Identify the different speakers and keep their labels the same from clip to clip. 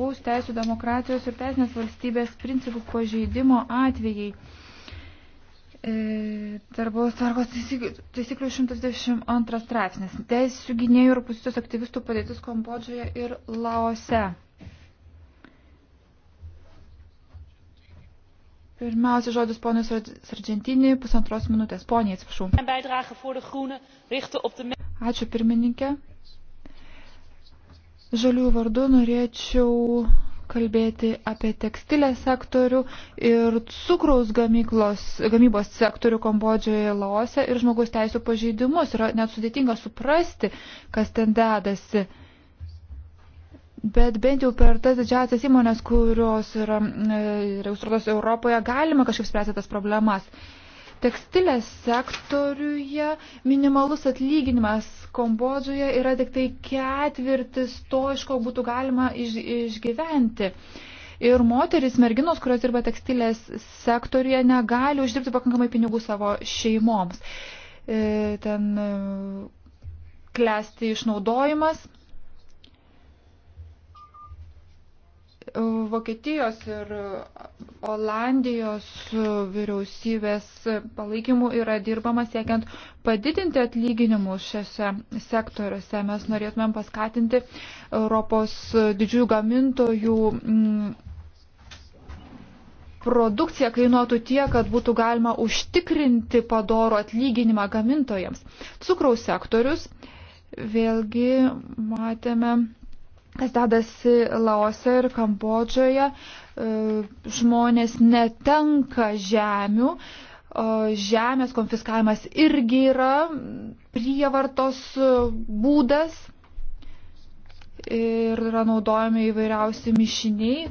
Speaker 1: žmogaus teisų, demokratijos ir teisinės valstybės principų pažeidimo atvejai. E, darbos targos taisyklių 122 straipsnis. Teisų gynėjų ir pusės aktyvistų padėtis Kambodžoje ir Laose. Pirmiausia žodis ponui Sargentinį, pusantros minutės. Poniai, atsiprašau. Ačiū pirmininkė. Žaliųjų vardu norėčiau kalbėti apie tekstilės sektorių ir cukraus gamyklos, gamybos sektorių Kambodžioje, Laose ir žmogus teisų pažeidimus. Yra net sudėtinga suprasti, kas ten dedasi. Bet bent jau per tas didžiasias įmonės, kurios yra e, registruotos Europoje, galima kažkaip spręsti tas problemas. E, Tekstilės sektoriuje minimalus atlyginimas Kambodžoje yra tik tai ketvirtis to, iš ko būtų galima iš, išgyventi. Ir moteris, merginos, kurios dirba tekstilės sektoriuje, negali uždirbti pakankamai pinigų savo šeimoms. E, ten e, klesti išnaudojimas, Vokietijos ir Olandijos vyriausybės palaikymų yra dirbama siekiant padidinti atlyginimus šiuose sektoriuose. Mes norėtumėm paskatinti Europos didžiųjų gamintojų mm, produkcija kainuotų tiek, kad būtų galima užtikrinti padorų atlyginimą gamintojams. Cukraus sektorius, vėlgi matėme kas dedasi Laose ir Kambodžoje. E, žmonės netenka žemių, žemės konfiskavimas irgi yra prievartos būdas ir yra naudojami įvairiausi mišiniai,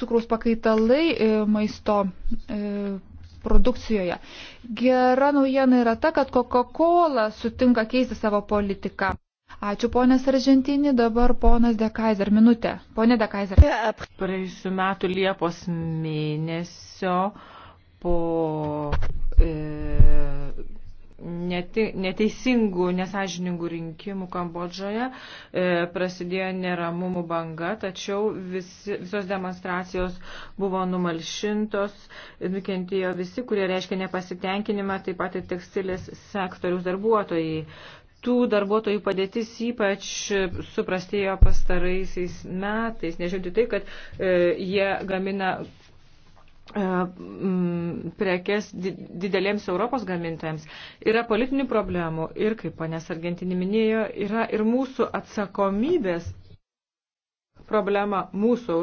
Speaker 1: cukraus pakaitalai e, maisto e, produkcijoje. Gera naujiena yra ta, kad Coca-Cola sutinka keisti savo politiką. Ačiū ponės Argentinį, dabar ponas Dekaiser, minutė. Pone Dekaiser.
Speaker 2: Praėjusiu metu Liepos mėnesio po e, neti, neteisingų, nesažiningų rinkimų Kambodžoje e, prasidėjo neramumų banga, tačiau visi, visos demonstracijos buvo numalšintos, nukentėjo visi, kurie reiškia nepasitenkinimą, taip pat ir tekstilės sektoriaus darbuotojai tų darbuotojų padėtis ypač suprastėjo pastaraisiais metais, nežiūrint tai, kad e, jie gamina e, m, prekes didelėms Europos gamintojams. Yra politinių problemų ir, kaip ponės Argentinė minėjo, yra ir mūsų atsakomybės problema mūsų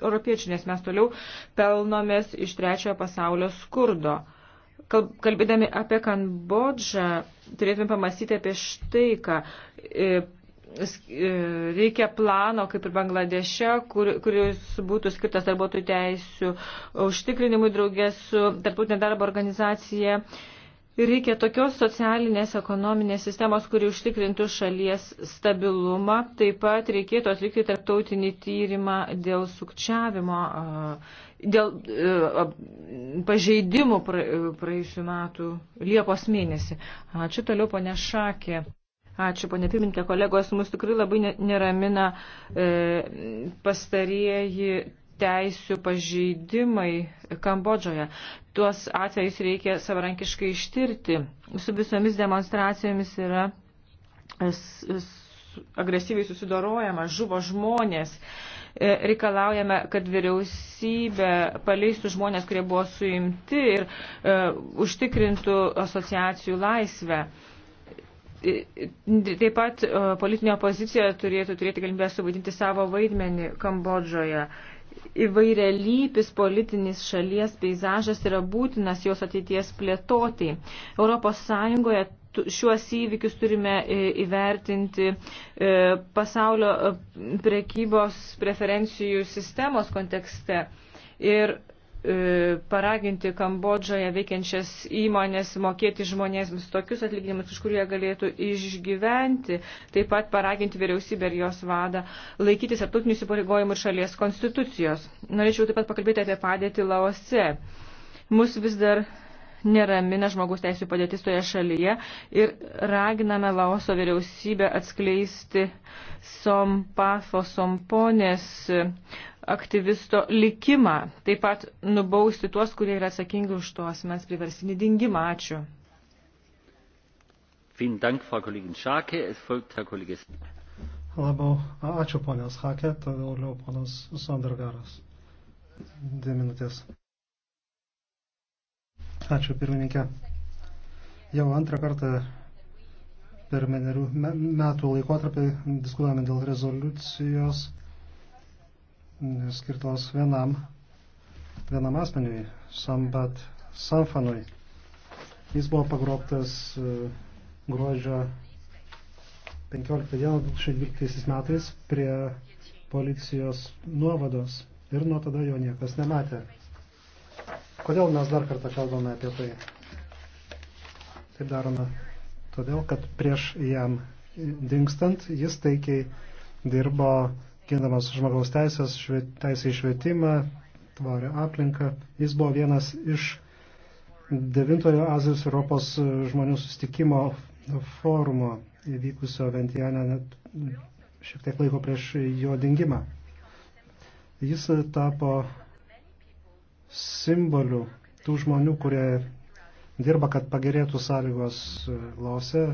Speaker 2: europiečių, nes mes toliau pelnomės iš trečiojo pasaulio skurdo. E, Kalbėdami apie Kambodžą, turėtume pamastyti apie štai ką. E, e, reikia plano, kaip ir Bangladeše, kur, kuris būtų skirtas darbuotojų teisų užtikrinimui draugės su tarptautinė darbo organizacija. Uh, Reikia tokios socialinės ekonominės sistemos, kuri užtikrintų šalies stabilumą. Taip pat reikėtų atlikti tarptautinį tyrimą dėl sukčiavimo, dėl pažeidimų praėjusiu metu Liepos mėnesį. Ačiū toliau, ponė Šakė. Ačiū, ponė pirmininkė, kolegos, mus tikrai labai neramina e, pastarieji teisių pažeidimai Kambodžoje tuos atvejus reikia savarankiškai ištirti. Su visomis demonstracijomis yra agresyviai susidorojama, žuvo žmonės. E, reikalaujame, kad vyriausybė paleistų žmonės, kurie buvo suimti ir uh, užtikrintų asociacijų laisvę. E, taip pat uh, politinė opozicija turėtų turėti galimybę suvaidinti savo vaidmenį Kambodžoje. Uh, įvairialypis politinis šalies peizažas yra būtinas jos ateities plėtoti. Europos Sąjungoje šiuos įvykius turime e, įvertinti e, pasaulio e, prekybos preferencijų sistemos kontekste. Ir E, paraginti Kambodžoje veikiančias įmonės mokėti žmonėms tokius atlyginimus, iš kurie galėtų išgyventi, taip pat paraginti vyriausybę ir jos vadą laikytis atutinių įsipareigojimų ir šalies konstitucijos. Norėčiau taip pat pakalbėti apie padėtį Laose. Mus vis dar neramina žmogus teisų padėtis toje šalyje ir raginame Laoso vyriausybę atskleisti Sompafo Somponės aktyvisto likimą, taip pat nubausti tuos, kurie yra atsakingi už to asmens priversinį dingimą. Ačiū. Labiau. Ačiū, ponės
Speaker 3: Hakė, toliau ponas Sondergaras. Dvi minutės. Ačiū, pirmininkė. Jau antrą kartą per menerių metų laikotarpį diskutuojame dėl rezoliucijos skirtos vienam, vienam asmeniui, Sambat Samfanui. Jis buvo pagrobtas e, gruodžio 15 dieną 2012 metais prie policijos nuovados ir nuo tada jo niekas nematė. Kodėl mes dar kartą kalbame apie tai? Taip darome todėl, kad prieš jam dingstant jis taikiai dirbo gindamas žmogaus teisės, šve, teisę į švietimą, tvarę aplinką. Jis buvo vienas iš devintojo Azijos Europos žmonių sustikimo forumo įvykusio Ventijane šiek tiek laiko prieš jo dingimą. Jis tapo simboliu tų žmonių, kurie dirba, kad pagerėtų sąlygos Lose,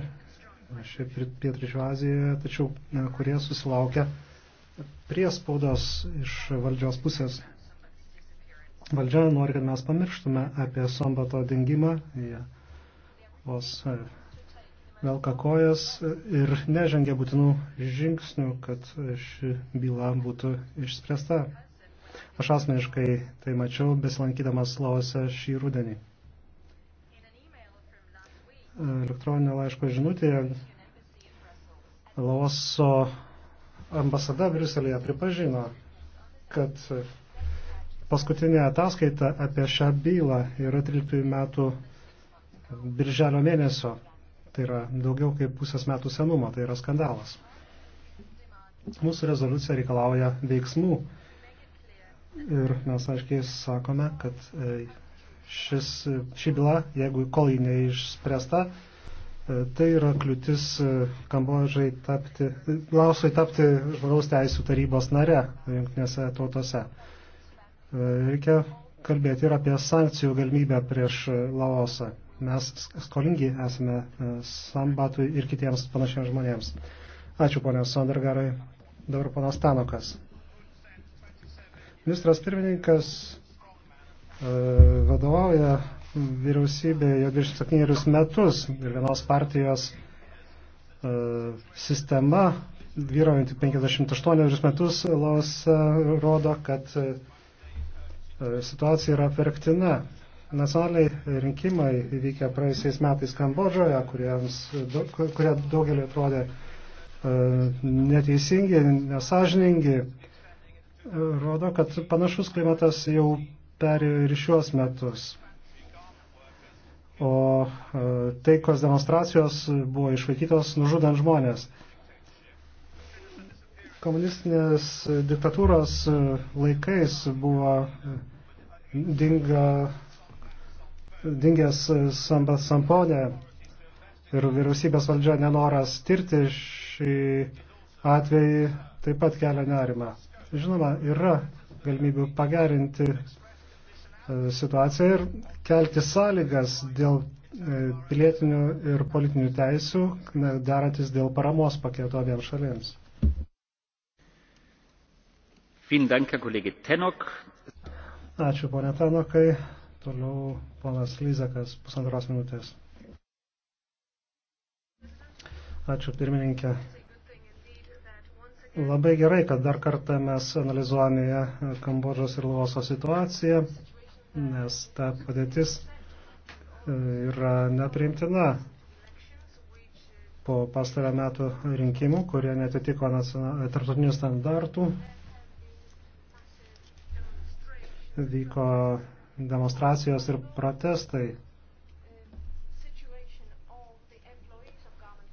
Speaker 3: šiaip pietričių Azijoje, tačiau kurie susilaukia priespaudos iš valdžios pusės. Valdžia nori, kad mes pamirštume apie Sombato dingimą, jie vos e, velka kojas ir nežengia būtinų žingsnių, kad ši byla būtų išspręsta. Aš asmeniškai tai mačiau, besilankydamas Laose šį rudenį. Elektroninio laiško žinutėje Laoso ambasada Briuselėje pripažino, kad paskutinė ataskaita apie šią bylą yra 13 metų birželio mėnesio. Tai yra daugiau kaip pusės metų senumo, tai yra skandalas. Mūsų rezoliucija reikalauja veiksmų ir mes aiškiai sakome, kad e, šis, ši byla, jeigu kol ji neišspręsta, E, tai yra kliūtis e, Kambodžai tapti, e, Lausui tapti žmogaus teisų tarybos nare jungtinėse tautose. Reikia kalbėti ir apie sankcijų galimybę prieš Laosą. Mes skolingi esame Sambatui ir kitiems panašiems žmonėms. Ačiū, ponė Sondergarai. Dabar ponas Tanokas. Ministras pirmininkas vadovauja vyriausybėje 27 metus ir vienos partijos e, sistema vyraujantį 58 metus e, Laos e, rodo, kad e, situacija yra verktina. Nacionaliai rinkimai įvykę praėjusiais metais Kambodžoje, kuriems, kurie daugelį atrodė neteisingi, nesažiningi, rodo, kad panašus klimatas jau perėjo ir šiuos metus o e, taikos demonstracijos buvo išvaikytos nužudant žmonės. Komunistinės diktatūros laikais buvo dinga, dingęs samponė ir vyriausybės valdžia nenoras tirti šį atvejį taip pat kelia nerimą. Žinoma, yra galimybių pagerinti situaciją ir kelti sąlygas dėl e, pilietinių ir politinių teisių, darantis dėl paramos paketo abiems šalėms. Ačiū, ponė Tenokai. Toliau ponas Lyzakas, pusantros minutės. Ačiū, pirmininkė. Labai gerai, kad dar kartą mes analizuojame Kambodžos ir Lavoso situaciją nes ta padėtis e, yra nepriimtina po pastarą metų rinkimų, kurie netitiko e, tarptautinių standartų. Vyko demonstracijos ir protestai.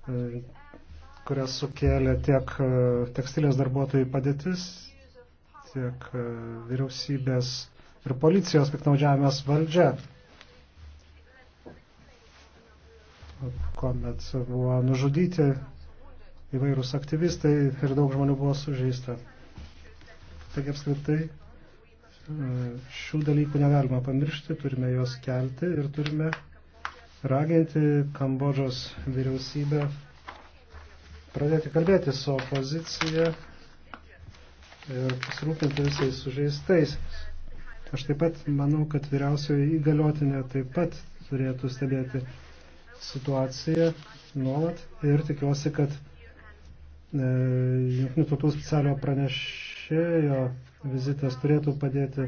Speaker 3: E, kurias sukėlė tiek tekstilės darbuotojų padėtis, tiek vyriausybės ir policijos piknaudžiavimas valdžia, kuomet buvo nužudyti įvairūs aktyvistai ir daug žmonių buvo sužeista. Taigi apskritai šių dalykų negalima pamiršti, turime juos kelti ir turime raginti Kambodžos vyriausybę pradėti kalbėti su opozicija ir pasirūpinti visais sužeistaisiais. Aš taip pat manau, kad vyriausioji įgaliotinė taip pat turėtų stebėti situaciją nuolat ir tikiuosi, kad e, Junktinių tautų specialio pranešėjo vizitas turėtų padėti e,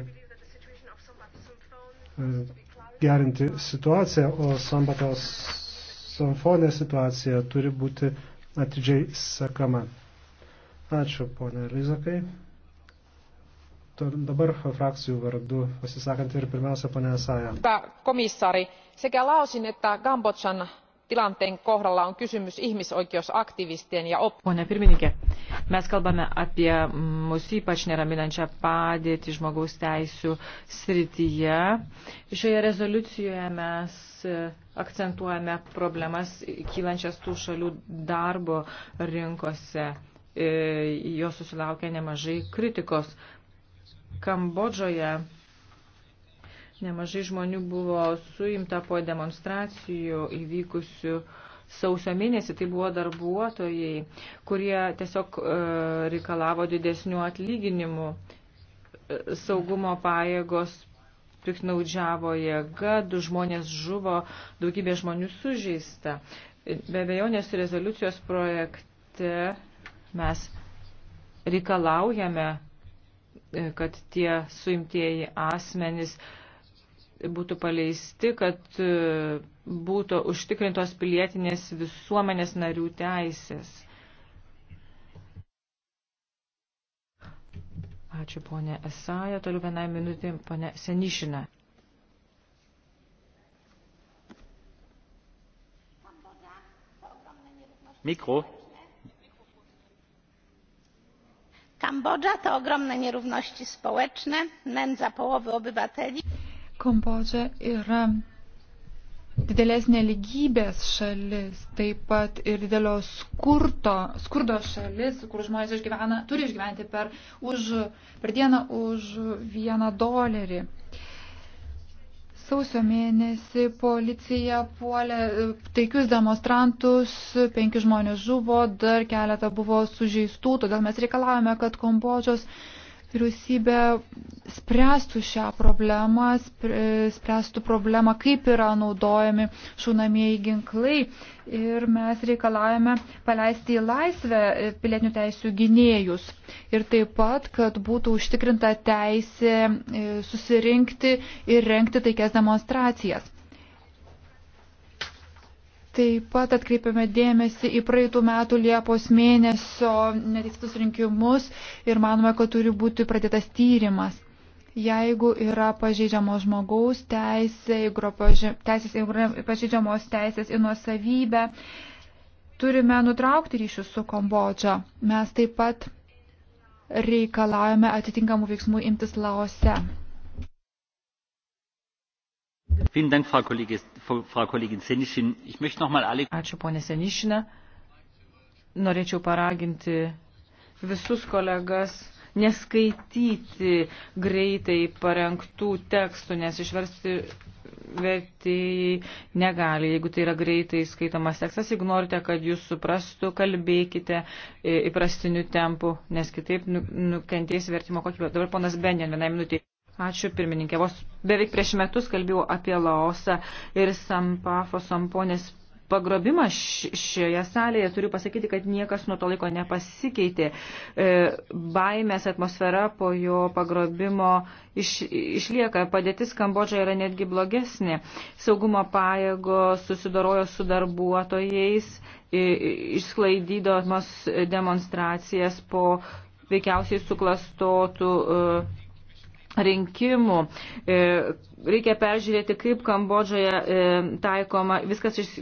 Speaker 3: gerinti situaciją, o sambatos samfonė situacija turi būti atidžiai sekama. Ačiū, ponė Lizakai dabar frakcijų vardu pasisakant ir pirmiausia ponia Saja.
Speaker 1: komissaari, sekä Laosin että Kambodžan tilanteen kohdalla on kysymys ihmisoikeusaktivistien ja
Speaker 2: Pone pirmininkė, mes kalbame apie mus ypač neraminančią padėtį žmogaus teisų srityje. Šioje rezoliucijoje mes akcentuojame problemas kylančias tų šalių darbo rinkose. E, jos susilaukia nemažai kritikos. Kambodžoje nemažai žmonių buvo suimta po demonstracijų įvykusių sausio mėnesį. Tai buvo darbuotojai, kurie tiesiog e, reikalavo didesnių atlyginimų. E, saugumo pajėgos piknaudžiavo jėga, du žmonės žuvo, daugybė žmonių sužeista. Be abejonės rezoliucijos projekte mes reikalaujame kad tie suimtieji asmenys būtų paleisti, kad e, būtų užtikrintos pilietinės visuomenės narių teisės. Ačiū ponė Esaja, toliau vienai minutė ponė Senišina.
Speaker 1: Mikro. kambodża
Speaker 3: to ogromne nierówności społeczne nędza połowy obywateli
Speaker 1: kambodža yra didelės neligybės šalis, taip pat ir didelio skurto, skurdo šalis, kur žmonės išgyvena, turi išgyventi per, už, per dieną už vieną dolerį. Sausio mėnesį policija puolė e, taikius demonstrantus, penki žmonės žuvo, dar keletą buvo sužeistų, todėl mes reikalavome, kad Kambodžos vyriausybė spręstų šią problemą, spręstų problemą, kaip yra naudojami šaunamieji ginklai. Ir mes reikalavome paleisti į laisvę e, pilietinių teisų gynėjus. Ir taip pat, kad būtų užtikrinta teisė e, susirinkti ir renkti taikias demonstracijas. Taip pat atkreipiame dėmesį į praeitų metų Liepos mėnesio neteisėtus rinkimus ir manome, kad turi būti pradėtas tyrimas jeigu yra pažeidžiamos žmogaus teisė, teisės, pažeidžiamos teisės į nuosavybę, turime nutraukti ryšius su Kambodža. Mes taip pat reikalavome atitinkamų veiksmų imtis Laose.
Speaker 2: Ačiū, ponė Senišinė. Norėčiau paraginti visus kolegas neskaityti greitai parengtų tekstų, nes išversti vertėjai negali. Jeigu tai yra greitai skaitomas tekstas, jeigu norite, kad jūs suprastų, kalbėkite įprastiniu tempu, nes kitaip nu, nukentės vertimo kokybė. Dabar ponas Benjan, vienai minutė. Ačiū pirmininkė. Vos beveik prieš metus kalbėjau apie Laosą ir Sampafo Samponės pagrobimą šioje salėje, turiu pasakyti, kad niekas nuo to laiko nepasikeitė. E, baimės atmosfera po jo pagrobimo iš, išlieka. Padėtis Kambodžoje yra netgi blogesnė. Saugumo pajėgo susidorojo su darbuotojais, išsklaidydamas demonstracijas po veikiausiai suklastotų e, rinkimų. E, reikia peržiūrėti, kaip Kambodžoje e, taikoma viskas iš,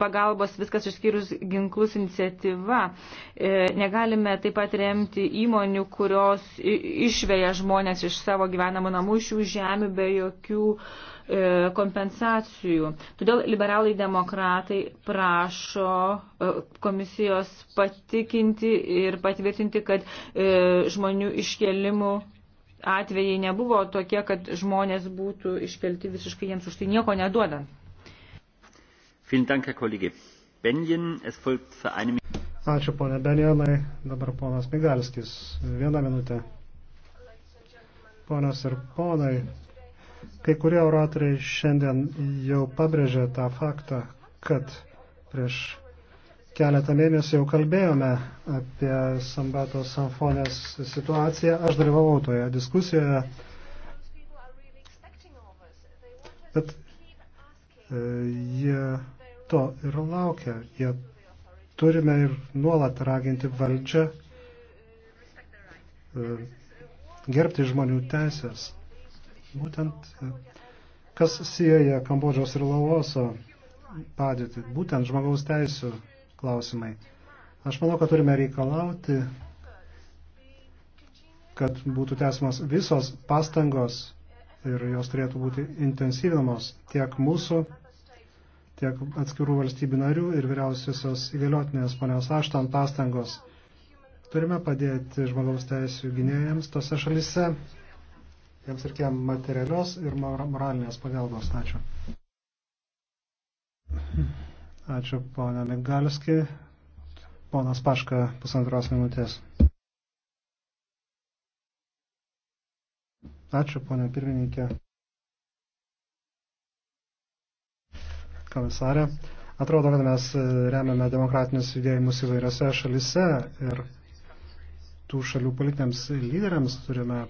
Speaker 2: pagalbos, viskas išskyrus ginklus iniciatyva. E, negalime taip pat remti įmonių, kurios išveja žmonės iš savo gyvenamų namų, iš jų žemių be jokių kompensacijų. Todėl liberalai demokratai prašo komisijos patikinti ir patvirtinti, kad žmonių iškelimų atvejai nebuvo tokie, kad žmonės būtų iškelti visiškai jiems už tai nieko neduodant.
Speaker 3: Ačiū, ponė Benjanai. Dabar ponas Migalskis. Vieną minutę. Ponas ir ponai, kai kurie oratoriai šiandien jau pabrėžė tą faktą, kad prieš keletą mėnesių jau kalbėjome apie Sambatos samfonės situaciją. Aš dalyvavau toje diskusijoje. Bet e, jie to ir laukia. Jie turime ir nuolat raginti valdžią e, gerbti žmonių teisės. Būtent e, kas sieja Kambodžos ir Laoso padėtį, būtent žmogaus teisų klausimai. Aš manau, kad turime reikalauti, kad būtų tęsimas visos pastangos ir jos turėtų būti intensyvinamos tiek mūsų, tiek atskirų valstybių narių ir vyriausiosios įgaliotinės ponios aštan pastangos. Turime padėti žmogaus teisų gynėjams tose šalise. Jiems reikia materialios ir moralinės pagalbos. Ačiū. Ačiū, ponia Migalski. Ponas Paška, pusantros minutės. Ačiū, ponia pirmininkė. Komisarė. Atrodo, kad mes e, remiame demokratinius judėjimus įvairiose šalise ir tų šalių politiniams lyderiams turime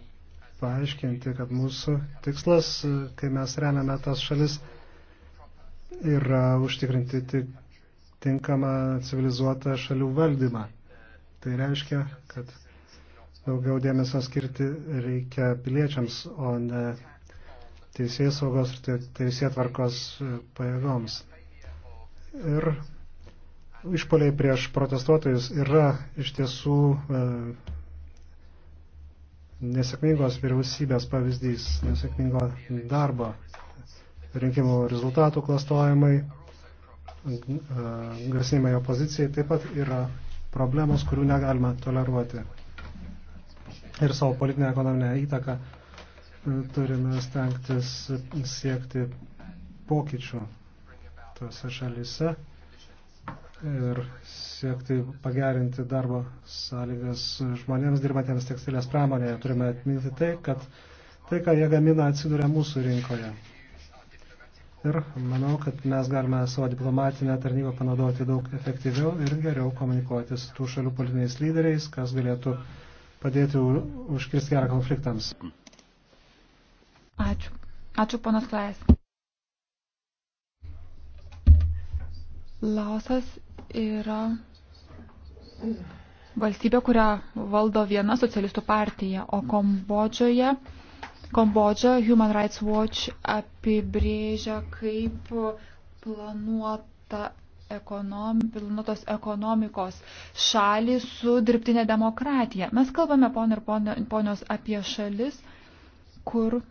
Speaker 3: paaiškinti, kad mūsų tikslas, e, kai mes remiame tas šalis, yra užtikrinti tik tinkamą civilizuotą šalių valdymą. Tai reiškia, kad daugiau dėmesio skirti reikia piliečiams, o ne teisės saugos ir teisėtvarkos e, pajėgoms. Ir išpoliai prieš protestuotojus yra iš tiesų e, nesėkmingos vyriausybės pavyzdys, nesėkmingo darbo rinkimų rezultatų klastojimai, e, grasinimai opozicijai taip pat yra problemos, kurių negalima toleruoti. Ir savo politinę ekonominę įtaką e, turime stengtis siekti pokyčių tose šalyse ir siekti pagerinti darbo sąlygas žmonėms dirbantiems tekstilės pramonėje. Turime atminti tai, kad tai, ką jie gamina, atsiduria mūsų rinkoje. Ir manau, kad mes galime savo diplomatinę tarnybą panaudoti daug efektyviau ir geriau komunikuoti su tų šalių politiniais lyderiais, kas galėtų padėti užkirsti gerą konfliktams.
Speaker 1: Ačiū. Ačiū, ponas Klajas. Laosas yra valstybė, kurią valdo viena socialistų partija, o Kambodžoje Kambodžą Human Rights Watch apibrėžia kaip planuota ekonom, pilnotos ekonomikos šalį su dirbtinė demokratija. Mes kalbame, pon ir ponios, apie šalis, kur e,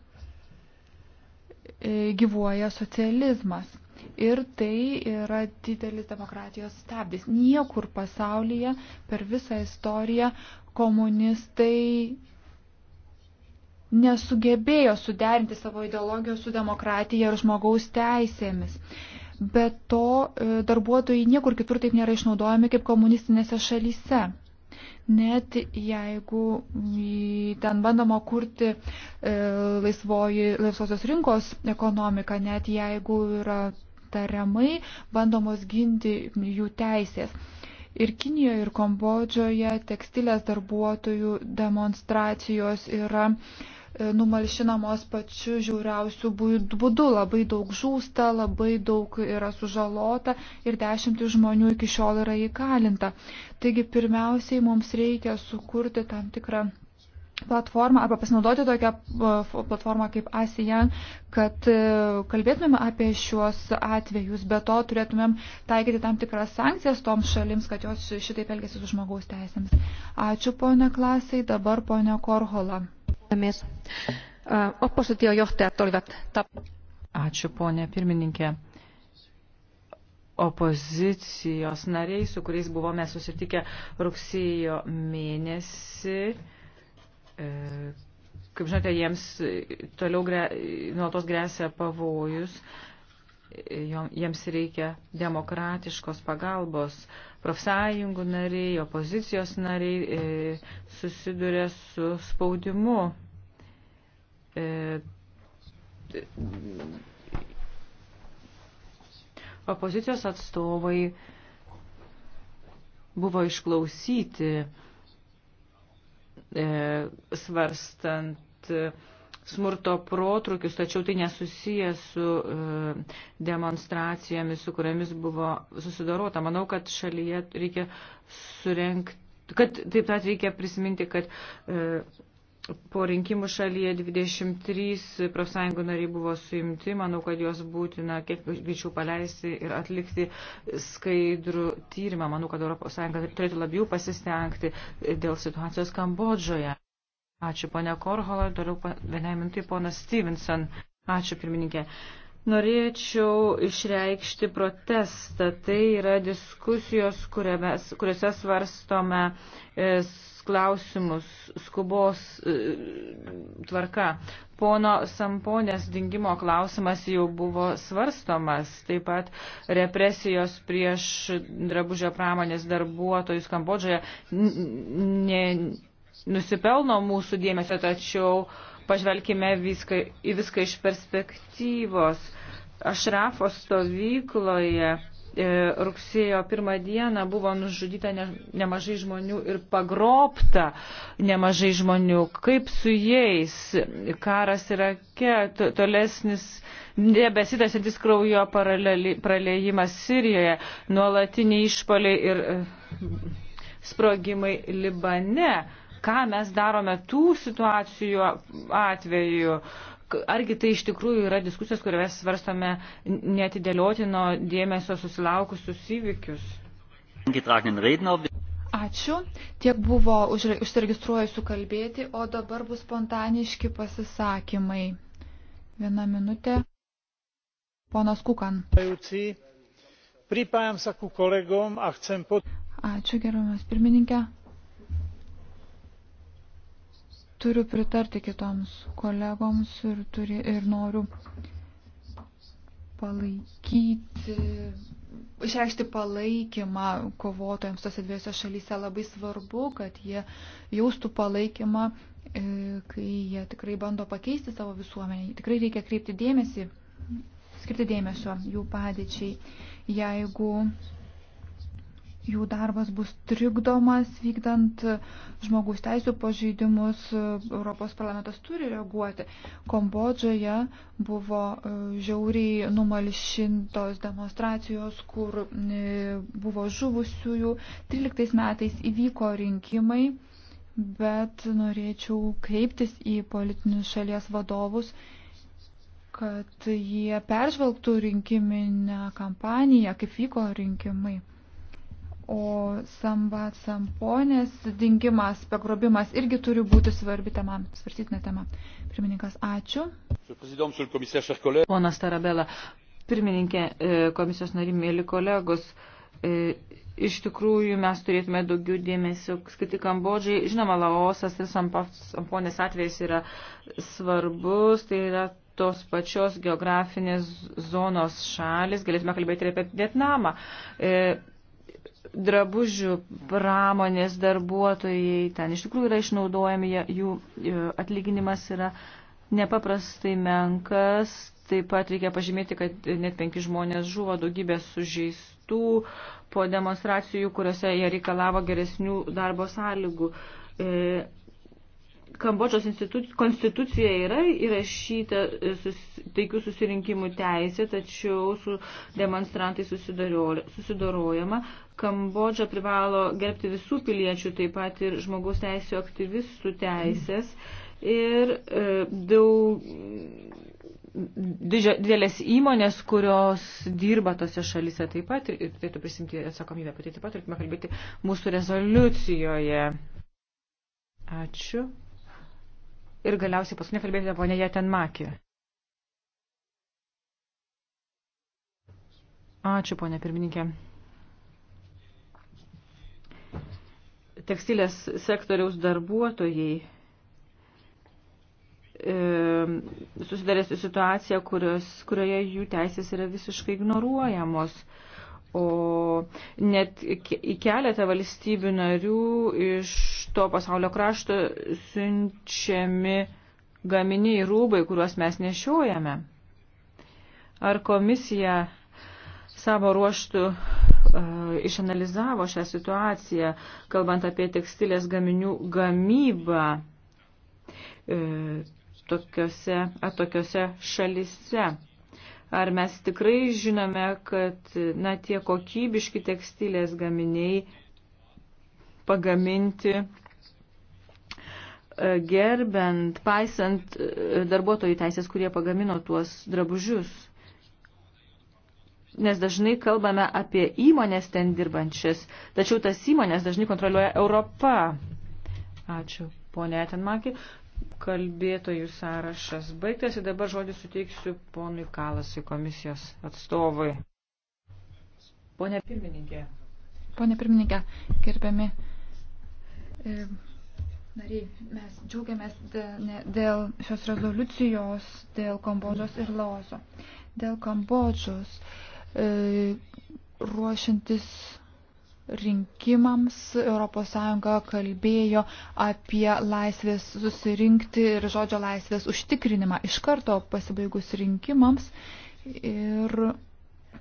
Speaker 1: gyvuoja socializmas. Ir tai yra didelis demokratijos stabdis. Niekur pasaulyje per visą istoriją komunistai nesugebėjo suderinti savo ideologijos su demokratija ir žmogaus teisėmis. Be to, e, darbuotojai niekur kitur taip nėra išnaudojami kaip komunistinėse šalyse. Net jeigu ten bandoma kurti e, laisvoji, laisvosios rinkos ekonomiką, net jeigu yra tariamai bandomos ginti jų teisės. Ir Kinijoje, ir Kambodžoje tekstilės darbuotojų demonstracijos yra uh, E, numalšinamos pačiu žiauriausiu būdu. Labai daug žūsta, labai daug yra sužalota ir dešimtis žmonių iki šiol yra įkalinta. Taigi pirmiausiai mums reikia sukurti tam tikrą platformą arba pasinaudoti tokią e, platformą kaip ASEAN, kad e, kalbėtumėm apie šiuos atvejus, be to turėtumėm taikyti tam tikras sankcijas toms šalims, kad jos šitaip elgesi su žmogaus teisėmis. Ačiū ponia klasai, dabar ponia Korhola puhemies oppositiojohtajat olivat
Speaker 2: Ačiū, ponė pirmininkė. Opozicijos nariai, su kuriais buvome susitikę rugsėjo mėnesį, e, kaip žinote, jiems toliau gre, nuolatos grėsia pavojus, jiems reikia demokratiškos pagalbos. Profsąjungų nariai, opozicijos nariai e, susiduria su spaudimu E, opozicijos atstovai buvo išklausyti e, svarstant smurto protrukius, tačiau tai nesusiję su e, demonstracijomis, su kuriamis buvo susidorota. Manau, kad šalyje reikia surenkti, kad taip pat reikia prisiminti, kad Po rinkimų šalyje 23 profsąjungų nariai buvo suimti. Manau, kad juos būtina kiek greičiau paleisti ir atlikti skaidrų tyrimą. Manau, kad ES turėtų labiau pasistengti dėl situacijos Kambodžoje. Ačiū, ponia Korhola. Toliau vienai mintai, ponas Stevenson. Ačiū, pirmininkė. Uh, Norėčiau išreikšti protestą. Tai yra diskusijos, kuriuose svarstome e, klausimus skubos e, tvarka. Pono Samponės dingimo klausimas jau buvo svarstomas, taip pat represijos prieš drabužio pramonės darbuotojus Kambodžoje nusipelno mūsų dėmesio, tačiau uh, pažvelkime viską, į viską iš perspektyvos. Ašrafo stovykloje e, rugsėjo pirmą dieną buvo nužudyta ne, nemažai žmonių ir pagrobta nemažai žmonių. Kaip su jais karas Irake, to, tolesnis nebesitęsiantis kraujo praleimas Sirijoje, nuolatiniai išpoliai ir e, sprogimai Libane ką mes darome tų situacijų atveju. Argi tai iš tikrųjų yra diskusijos, kurioje svarstome netidėliotino dėmesio susilaukusius įvykius?
Speaker 1: Ačiū. Tiek buvo užsiregistruojusių kalbėti, o dabar bus spontaniški pasisakymai. Viena minutė. Ponas Kukan. Ačiū, gerbiamas pirmininkė. Turiu pritarti kitoms kolegoms ir, turi, ir noriu palaikyti, išreikšti palaikymą kovotojams tose dviejose šalyse. Labai svarbu, kad jie jaustų palaikymą, e, kai jie tikrai bando pakeisti savo visuomenę. Tikrai reikia kreipti dėmesį, skirti dėmesio jų padėčiai. Jeigu jų darbas bus trikdomas vykdant žmogaus teisų pažeidimus. Europos parlamentas turi reaguoti. Kambodžoje buvo e, žiauriai numalšintos demonstracijos, kur e, buvo žuvusiųjų. 13 metais įvyko rinkimai, bet norėčiau kreiptis į politinius šalies vadovus kad jie peržvelgtų rinkiminę kampaniją, kaip vyko rinkimai. O samba samponės dingimas, pagrobimas irgi turi būti svarbi tema, svarstytina tema. Pirmininkas, ačiū.
Speaker 2: Ponas Tarabela, pirmininkė, e, komisijos nariai, mėly kolegos, e, iš tikrųjų mes turėtume daugiau dėmesio skirti Kambodžiai. Žinoma, Laosas ir samponės atvejs yra svarbus, tai yra tos pačios geografinės zonos šalis, galėtume kalbėti ir apie Vietnamą. E, drabužių pramonės darbuotojai, ten iš tikrųjų yra išnaudojami, jų e, atlyginimas yra nepaprastai menkas. Taip pat reikia pažymėti, kad net penki žmonės žuvo, daugybė sužeistų po demonstracijų, kuriuose jie reikalavo geresnių darbo sąlygų. E, Kambodžos konstitucija yra įrašyta e, sus, taikių susirinkimų teisė, tačiau su demonstrantai susidorojama. Kambodža privalo gerbti visų piliečių, taip pat ir žmogaus teisų aktyvistų teisės. Ir e, daug didelės įmonės, kurios dirba tose šalise taip pat ir turėtų prisimti atsakomybę apie tai taip pat turėtume kalbėti mūsų rezoliucijoje. Ačiū. Ir galiausiai paskutinė kalbėkite ponė Jatenmaki. Ačiū, ponė pirmininkė. Tekstilės sektoriaus darbuotojai e, susidarė su situacija, kurios, kurioje jų teisės yra visiškai ignoruojamos. E, O net į keletą valstybių narių iš to pasaulio krašto siunčiami gaminiai rūbai, kuriuos mes nešiojame. Ar komisija savo ruoštų e, išanalizavo šią situaciją, kalbant apie tekstilės gaminių gamybą e, tokiose, atokiose šalise. Ar mes tikrai žinome, kad na, tie kokybiški tekstilės gaminiai pagaminti e, gerbent, paisant e, darbuotojų teisės, kurie pagamino tuos drabužius. Nes dažnai kalbame apie įmonės ten dirbančias, tačiau tas įmonės dažnai kontroliuoja Europa. Ačiū, ponė Atenmakė kalbėtojų sąrašas baigtas ir dabar žodį suteiksiu ponui Kalasui komisijos atstovui.
Speaker 1: Pone pirmininkė. Pone pirmininkė, gerbiami e, nariai, mes džiaugiamės dėl šios rezoliucijos, dėl Kambodžos ir Laoso. Dėl Kambodžos e, ruošiantis rinkimams ES kalbėjo apie laisvės susirinkti ir žodžio laisvės užtikrinimą iš karto pasibaigus rinkimams. Ir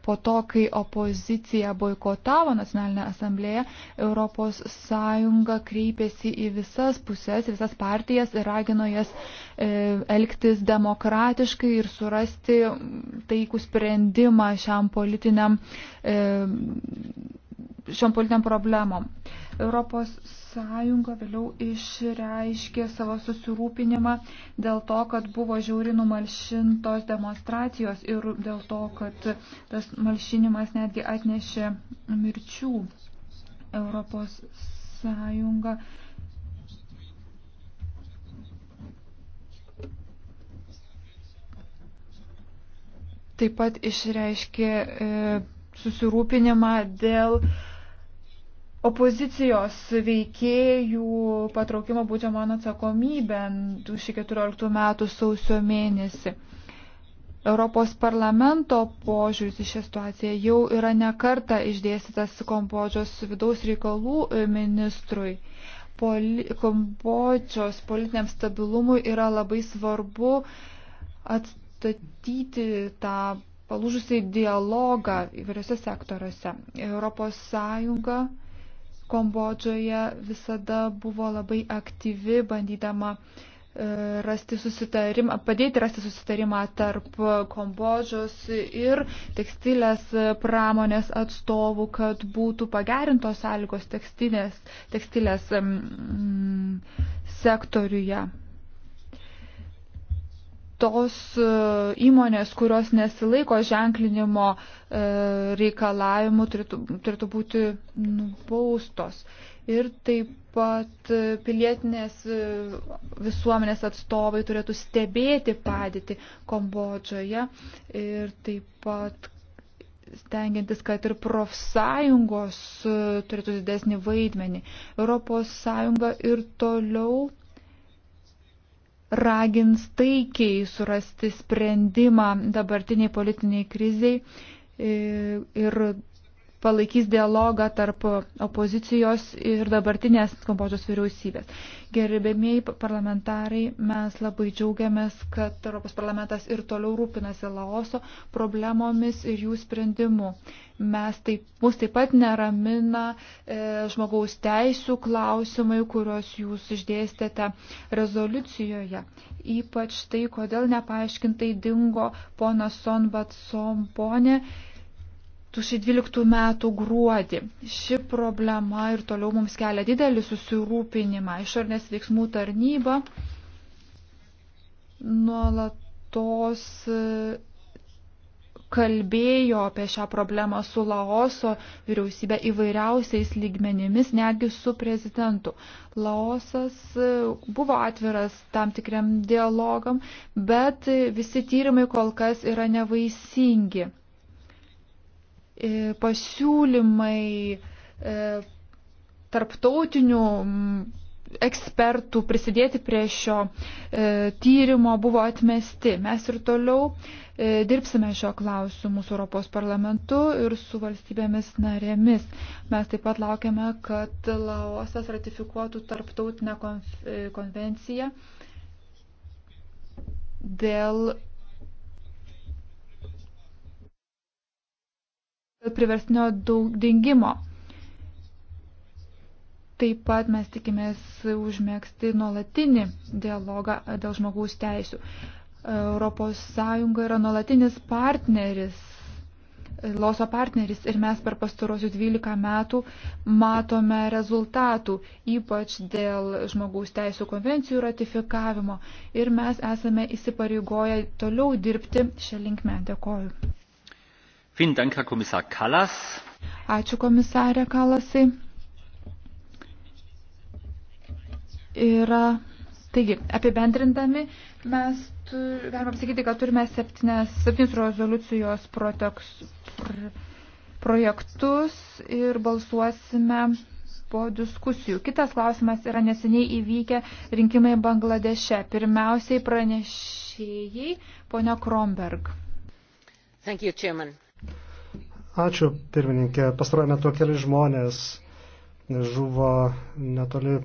Speaker 1: po to, kai opozicija boikotavo Nacionalinę asamblėją, ES kreipėsi į visas pusės, visas partijas ir ragino jas e, elgtis demokratiškai ir surasti taikų sprendimą šiam politiniam. E, šiom politiniam problemom. Europos Sąjunga vėliau išreiškė savo susirūpinimą dėl to, kad buvo žiauri numalšintos demonstracijos ir dėl to, kad tas malšinimas netgi atnešė mirčių. Europos Sąjunga taip pat išreiškė e, susirūpinimą dėl opozicijos veikėjų patraukimo būdžiamon atsakomybę 2014 metų sausio mėnesį. Europos parlamento požiūris į šią situaciją jau yra nekarta išdėstytas Kambodžos vidaus reikalų ministrui. Poli, Kambodžos politiniam stabilumui yra labai svarbu atstatyti tą palūžusiai dialogą įvairiose sektoriuose. Europos Sąjunga Kambodžoje visada buvo labai aktyvi, bandydama e, rasti susitarimą, padėti rasti susitarimą tarp Kambodžos ir tekstilės pramonės atstovų, kad būtų pagerintos sąlygos tekstilės, tekstilės mm, sektoriuje tos e, įmonės, kurios nesilaiko ženklinimo e, reikalavimų, turėtų, turėtų būti nubaustos. Ir taip pat e, pilietinės visuomenės atstovai turėtų stebėti padėtį Kambodžoje ir taip pat stengiantis, kad ir profsąjungos turėtų didesnį vaidmenį. Europos Sąjunga ir toliau ragins taikiai surasti sprendimą dabartiniai politiniai kriziai e, ir palaikys dialogą tarp opozicijos ir dabartinės Kambodžos vyriausybės. Gerbėmiai parlamentarai, mes labai džiaugiamės, kad Europos parlamentas ir toliau rūpinasi Laoso problemomis ir jų sprendimu. Mes taip, mus taip pat neramina e, žmogaus teisų klausimai, kuriuos jūs išdėstėte rezoliucijoje. Ypač tai, kodėl nepaaiškintai dingo ponas Sonbat Somponė. E, 2012 metų gruodį. Ši problema ir toliau mums kelia didelį susirūpinimą. Išornės veiksmų tarnyba nuolatos e, kalbėjo apie šią problemą su Laoso vyriausybė įvairiausiais lygmenimis, netgi su prezidentu. Laosas e, buvo atviras tam tikriam dialogam, bet e, visi tyrimai kol kas yra nevaisingi. E, pasiūlymai e, tarptautinių ekspertų prisidėti prie šio e, tyrimo buvo atmesti. Mes ir toliau dirbsime šio klausimu su Europos parlamentu ir su valstybėmis narėmis. Mes taip pat laukiame, kad Laosas ratifikuotų tarptautinę konvenciją dėl priversnio dingimo. Taip pat mes tikimės užmėgsti nuolatinį dialogą dėl žmogaus teisų. ES yra nuolatinis partneris, loso partneris ir mes per pastarosius 12 metų matome rezultatų, ypač dėl žmogaus teisų konvencijų ratifikavimo ir mes esame įsipareigoję toliau dirbti šią linkmę. Dėkoju. Ačiū komisarė Kalasai. Ir taigi, apibendrindami, mes tu, galime pasakyti, kad turime septynes, septynis rezoliucijos proteks, pr, projektus ir balsuosime po diskusijų. Kitas klausimas yra neseniai įvykę rinkimai Bangladeše. Pirmiausiai pranešėjai, ponia Kromberg. Thank
Speaker 2: you, Chairman.
Speaker 3: Ačiū, pirmininkė. Pastarojame to keli žmonės žuvo netoli